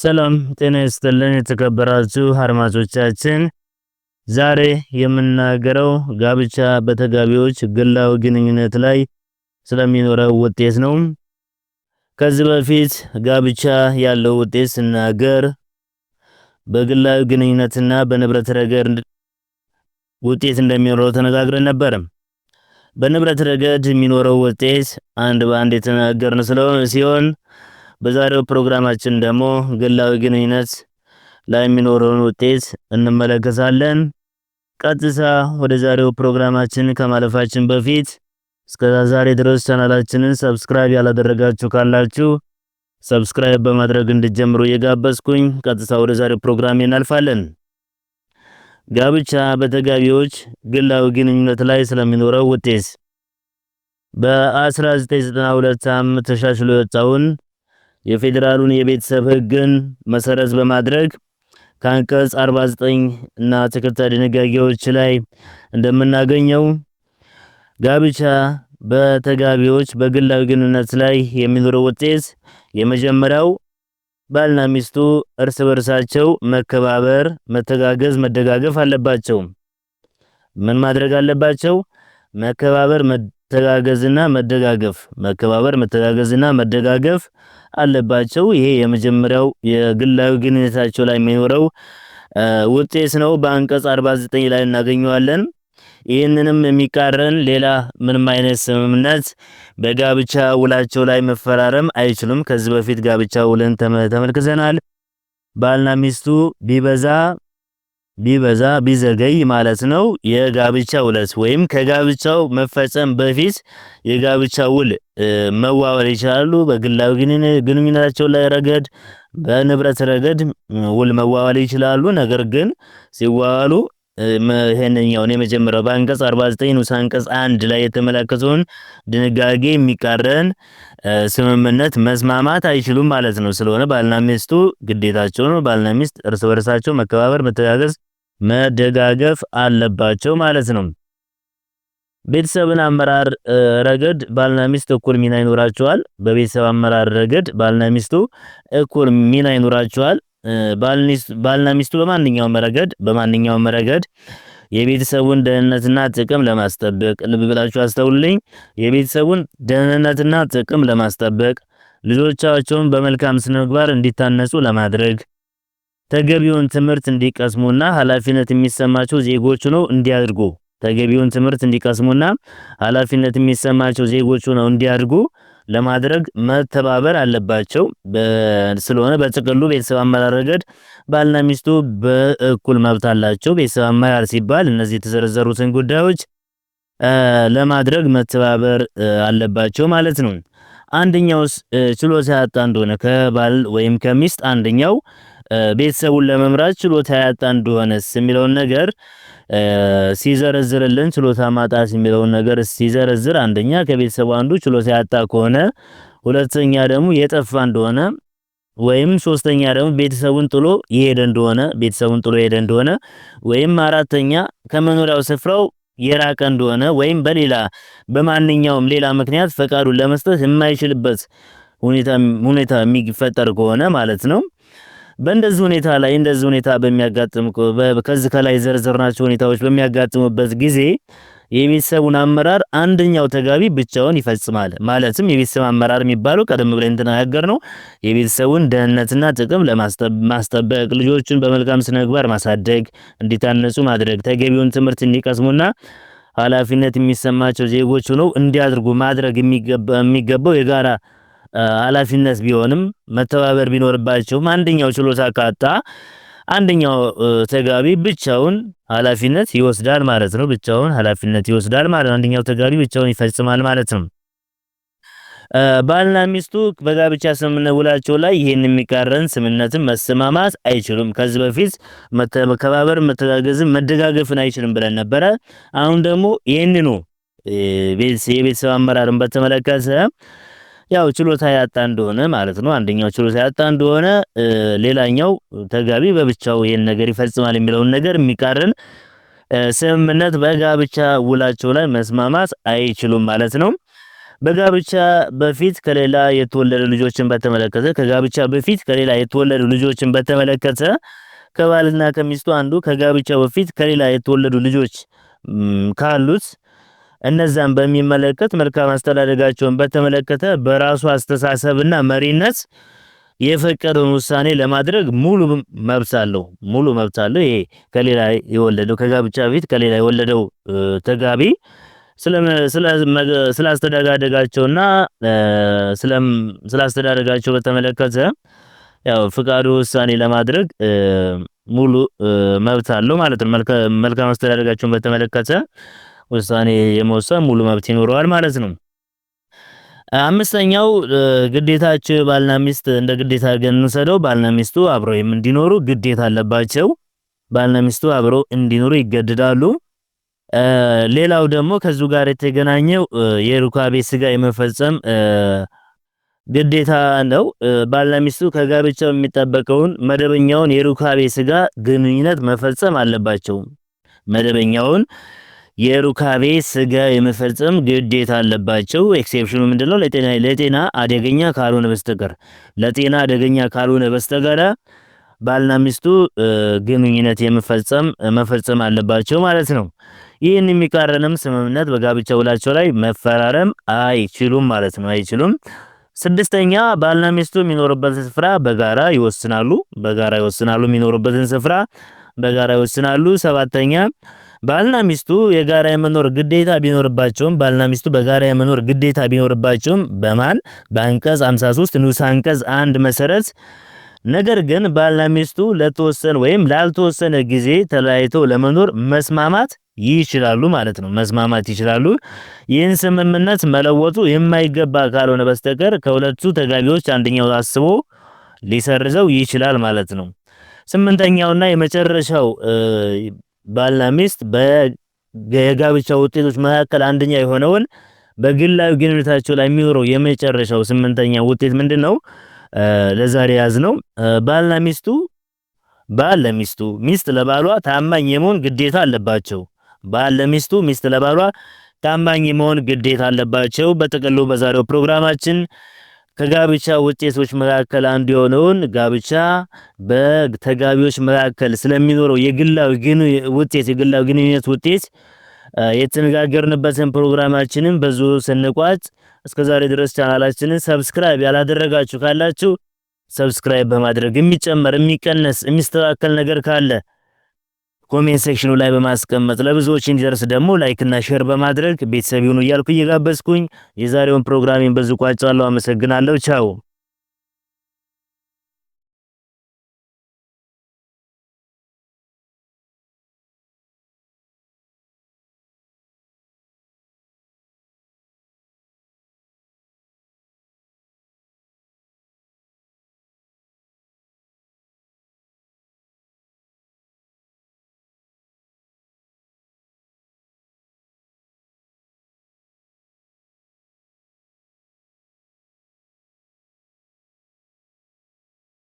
ሰላም ጤና ይስጥልን የተከበራችሁ አድማጮቻችን፣ ዛሬ የምናገረው ጋብቻ በተጋቢዎች ግላዊ ግንኙነት ላይ ስለሚኖረው ውጤት ነው። ከዚህ በፊት ጋብቻ ያለው ውጤት ስናገር በግላዊ ግንኙነትና በንብረት ረገድ ውጤት እንደሚኖረው ተነጋግረን ነበር። በንብረት ረገድ የሚኖረው ውጤት አንድ በአንድ የተናገርን ስለሆነ ሲሆን በዛሬው ፕሮግራማችን ደግሞ ግላዊ ግንኙነት ላይ የሚኖረውን ውጤት እንመለከታለን። ቀጥታ ወደ ዛሬው ፕሮግራማችን ከማለፋችን በፊት እስከዛ ዛሬ ድረስ ቻናላችንን ሰብስክራይብ ያላደረጋችሁ ካላችሁ ሰብስክራይብ በማድረግ እንድጀምሩ እየጋበዝኩኝ ቀጥታ ወደ ዛሬው ፕሮግራም እናልፋለን። ጋብቻ በተጋቢዎች ግላዊ ግንኙነት ላይ ስለሚኖረው ውጤት በ1992 ዓ.ም ተሻሽሎ የወጣውን የፌዴራሉን የቤተሰብ ህግን መሰረት በማድረግ ከአንቀጽ 49 እና ተከታይ ድንጋጌዎች ላይ እንደምናገኘው ጋብቻ በተጋቢዎች በግላዊ ግንኙነት ላይ የሚኖረው ውጤት የመጀመሪያው ባልና ሚስቱ እርስ በርሳቸው መከባበር፣ መተጋገዝ፣ መደጋገፍ አለባቸው። ምን ማድረግ አለባቸው? መከባበር መተጋገዝና መደጋገፍ መከባበር መተጋገዝና መደጋገፍ አለባቸው። ይሄ የመጀመሪያው የግላዊ ግንኙነታቸው ላይ የሚኖረው ውጤት ነው። በአንቀጽ 49 ላይ እናገኘዋለን። ይህንንም የሚቃረን ሌላ ምንም አይነት ስምምነት በጋብቻ ውላቸው ላይ መፈራረም አይችሉም። ከዚህ በፊት ጋብቻ ውልን ተመልክተናል። ባልና ሚስቱ ቢበዛ ቢበዛ ቢዘገይ ማለት ነው የጋብቻ ውለት ወይም ከጋብቻው መፈጸም በፊት የጋብቻ ውል መዋወል ይችላሉ። በግላዊ ግንኙነታቸው ላይ ረገድ፣ በንብረት ረገድ ውል መዋዋል ይችላሉ። ነገር ግን ሲዋዋሉ ይህንኛውን የመጀመሪያው በአንቀጽ 49 ንዑስ አንቀጽ አንድ ላይ የተመለከተውን ድንጋጌ የሚቃረን ስምምነት መስማማት አይችሉም ማለት ነው። ስለሆነ ባልና ሚስቱ ግዴታቸው ነው። ባልና ሚስት እርስ በርሳቸው መከባበር፣ መተጋገዝ መደጋገፍ አለባቸው ማለት ነው። ቤተሰብን አመራር ረገድ ባልና ሚስት እኩል ሚና ይኖራቸዋል። በቤተሰብ አመራር ረገድ ባልና ሚስቱ እኩል ሚና ይኖራቸዋል። ባልና ሚስቱ በማንኛውም ረገድ በማንኛውም ረገድ የቤተሰቡን ደህንነትና ጥቅም ለማስጠበቅ ልብ ብላችሁ አስተውልኝ። የቤተሰቡን ደህንነትና ጥቅም ለማስጠበቅ ልጆቻቸውን በመልካም ስነምግባር እንዲታነጹ ለማድረግ ተገቢውን ትምህርት እንዲቀስሙና ኃላፊነት የሚሰማቸው ዜጎች ነው እንዲያድርጉ ተገቢውን ትምህርት እንዲቀስሙና ኃላፊነት የሚሰማቸው ዜጎች ነው እንዲያድርጉ ለማድረግ መተባበር አለባቸው። ስለሆነ በጥቅሉ ቤተሰብ አመራር ረገድ ባልና ሚስቱ በእኩል መብት አላቸው። ቤተሰብ አመራር ሲባል እነዚህ የተዘረዘሩትን ጉዳዮች ለማድረግ መተባበር አለባቸው ማለት ነው። አንደኛውስ ችሎታ ያጣ እንደሆነ ከባል ወይም ከሚስት አንደኛው ቤተሰቡን ለመምራት ችሎታ ያጣ እንደሆነስ የሚለውን ነገር ሲዘረዝርልን ችሎታ ማጣት የሚለውን ነገር ሲዘረዝር አንደኛ ከቤተሰቡ አንዱ ችሎታ ያጣ ከሆነ፣ ሁለተኛ ደግሞ የጠፋ እንደሆነ ወይም ሶስተኛ ደግሞ ቤተሰቡን ጥሎ የሄደ እንደሆነ ቤተሰቡን ጥሎ የሄደ እንደሆነ ወይም አራተኛ ከመኖሪያው ስፍራው የራቀ እንደሆነ ወይም በሌላ በማንኛውም ሌላ ምክንያት ፈቃዱን ለመስጠት የማይችልበት ሁኔታ ሁኔታ የሚፈጠር ከሆነ ማለት ነው። በእንደዚህ ሁኔታ ላይ እንደዚህ ሁኔታ በሚያጋጥም ከዚህ ከላይ ዘርዘርናቸው ሁኔታዎች በሚያጋጥሙበት ጊዜ የቤተሰቡን አመራር አንደኛው ተጋቢ ብቻውን ይፈጽማል። ማለትም የቤተሰብ አመራር የሚባለው ቀደም ብለን እንደተናገር ነው የቤተሰቡን ደህንነትና ጥቅም ለማስጠበቅ ልጆቹን በመልካም ስነግባር ማሳደግ፣ እንዲታነጹ ማድረግ፣ ተገቢውን ትምህርት እንዲቀስሙና ኃላፊነት የሚሰማቸው ዜጎች ሆነው እንዲያድርጉ ማድረግ የሚገባው የጋራ ኃላፊነት ቢሆንም መተባበር ቢኖርባቸውም አንደኛው ችሎታ ካጣ አንደኛው ተጋቢ ብቻውን ኃላፊነት ይወስዳል ማለት ነው። ብቻውን ኃላፊነት ይወስዳል ማለት ነው። አንደኛው ተጋቢ ብቻውን ይፈጽማል ማለት ነው። ባልና ሚስቱ በጋብቻ ስምምነት ውላቸው ላይ ይህን የሚቃረን ስምምነትን መሰማማት አይችሉም። ከዚህ በፊት መከባበር፣ መተጋገዝን፣ መደጋገፍን አይችልም ብለን ነበረ። አሁን ደግሞ ይህንኑ የቤተሰብ አመራርን በተመለከተ ያው ችሎታ ያጣ እንደሆነ ማለት ነው። አንደኛው ችሎታ ያጣ እንደሆነ፣ ሌላኛው ተጋቢ በብቻው ይሄን ነገር ይፈጽማል የሚለውን ነገር የሚቃረን ስምምነት በጋብቻ ውላቸው ላይ መስማማት አይችሉም ማለት ነው። በጋብቻ በፊት ከሌላ የተወለዱ ልጆችን በተመለከተ ከጋብቻ በፊት ከሌላ የተወለዱ ልጆችን በተመለከተ ከባልና ከሚስቱ አንዱ ከጋብቻ በፊት ከሌላ የተወለዱ ልጆች ካሉት እነዛን በሚመለከት መልካም አስተዳደጋቸውን በተመለከተ በራሱ አስተሳሰብና መሪነት የፈቀደውን ውሳኔ ለማድረግ ሙሉ መብት አለው። ሙሉ መብት አለው። ይሄ ከሌላ የወለደው ከጋብቻ በፊት ከሌላ የወለደው ተጋቢ ስለ ስላስተዳደጋቸው በተመለከተ ያው ፍቃዱ ውሳኔ ለማድረግ ሙሉ መብት አለው ማለት ነው። መልካም አስተዳደጋቸውን በተመለከተ ውሳኔ የመወሰን ሙሉ መብት ይኖረዋል ማለት ነው። አምስተኛው ግዴታቸው ባልና ሚስት እንደ ግዴታ አድርገን እንሰደው። ባልና ሚስቱ አብረው እንዲኖሩ ግዴታ አለባቸው። ባልና ሚስቱ አብረው እንዲኖሩ ይገደዳሉ። ሌላው ደግሞ ከዚሁ ጋር የተገናኘው የሩካቤ ስጋ የመፈጸም ግዴታ ነው። ባልና ሚስቱ ከጋብቻው የሚጠበቀውን መደበኛውን የሩካቤ ስጋ ግንኙነት መፈጸም አለባቸው። መደበኛውን የሩካቤ ስጋ የመፈጸም ግዴታ አለባቸው። ኤክሴፕሽኑ ምንድነው? ለጤና ለጤና አደገኛ ካልሆነ በስተቀር ለጤና አደገኛ ካልሆነ በስተቀር ባልና ሚስቱ ግንኙነት የመፈጸም መፈጸም አለባቸው ማለት ነው። ይህን የሚቃረንም ስምምነት በጋብቻ ውላቸው ላይ መፈራረም አይችሉም ማለት ነው። አይችሉም። ስድስተኛ ባልና ሚስቱ የሚኖርበትን ስፍራ በጋራ ይወስናሉ። በጋራ ይወስናሉ። የሚኖርበትን ስፍራ በጋራ ይወስናሉ። ሰባተኛ ባልና ሚስቱ የጋራ የመኖር ግዴታ ቢኖርባቸውም ባልና ሚስቱ በጋራ የመኖር ግዴታ ቢኖርባቸውም በማን በአንቀጽ 53 ንዑስ አንቀጽ አንድ መሰረት ነገር ግን ባልና ሚስቱ ለተወሰነ ወይም ላልተወሰነ ጊዜ ተለያይተው ለመኖር መስማማት ይችላሉ ማለት ነው። መስማማት ይችላሉ። ይህን ስምምነት መለወጡ የማይገባ ካልሆነ በስተቀር ከሁለቱ ተጋቢዎች አንደኛው አስቦ ሊሰርዘው ይችላል ማለት ነው። ስምንተኛውና የመጨረሻው ባልና ሚስት የጋብቻ ውጤቶች መካከል አንደኛ የሆነውን በግላዊ ግንኙነታቸው ላይ የሚኖረው የመጨረሻው ስምንተኛ ውጤት ምንድን ነው? ለዛሬ ያዝ ነው። ባልና ሚስቱ ባል ለሚስቱ ሚስት ለባሏ ታማኝ የመሆን ግዴታ አለባቸው። ባል ለሚስቱ ሚስት ለባሏ ታማኝ የመሆን ግዴታ አለባቸው። በጥቅሉ በዛሬው ፕሮግራማችን ከጋብቻ ውጤቶች መካከል አንዱ የሆነውን ጋብቻ በተጋቢዎች መካከል ስለሚኖረው የግላዊ ግን ውጤት የግላዊ ግንኙነት ውጤት የተነጋገርንበትን ፕሮግራማችንን በዙ ስንቋጭ፣ እስከዛሬ ድረስ ቻናላችንን ሰብስክራይብ ያላደረጋችሁ ካላችሁ ሰብስክራይብ በማድረግ የሚጨመር የሚቀነስ የሚስተካከል ነገር ካለ ኮሜንት ሴክሽኑ ላይ በማስቀመጥ ለብዙዎች እንዲደርስ ደግሞ ላይክና ሼር በማድረግ ቤተሰብ ይሁኑ እያልኩ እየጋበዝኩኝ የዛሬውን ፕሮግራሜን በዚሁ ቋጫለሁ። አመሰግናለሁ። ቻው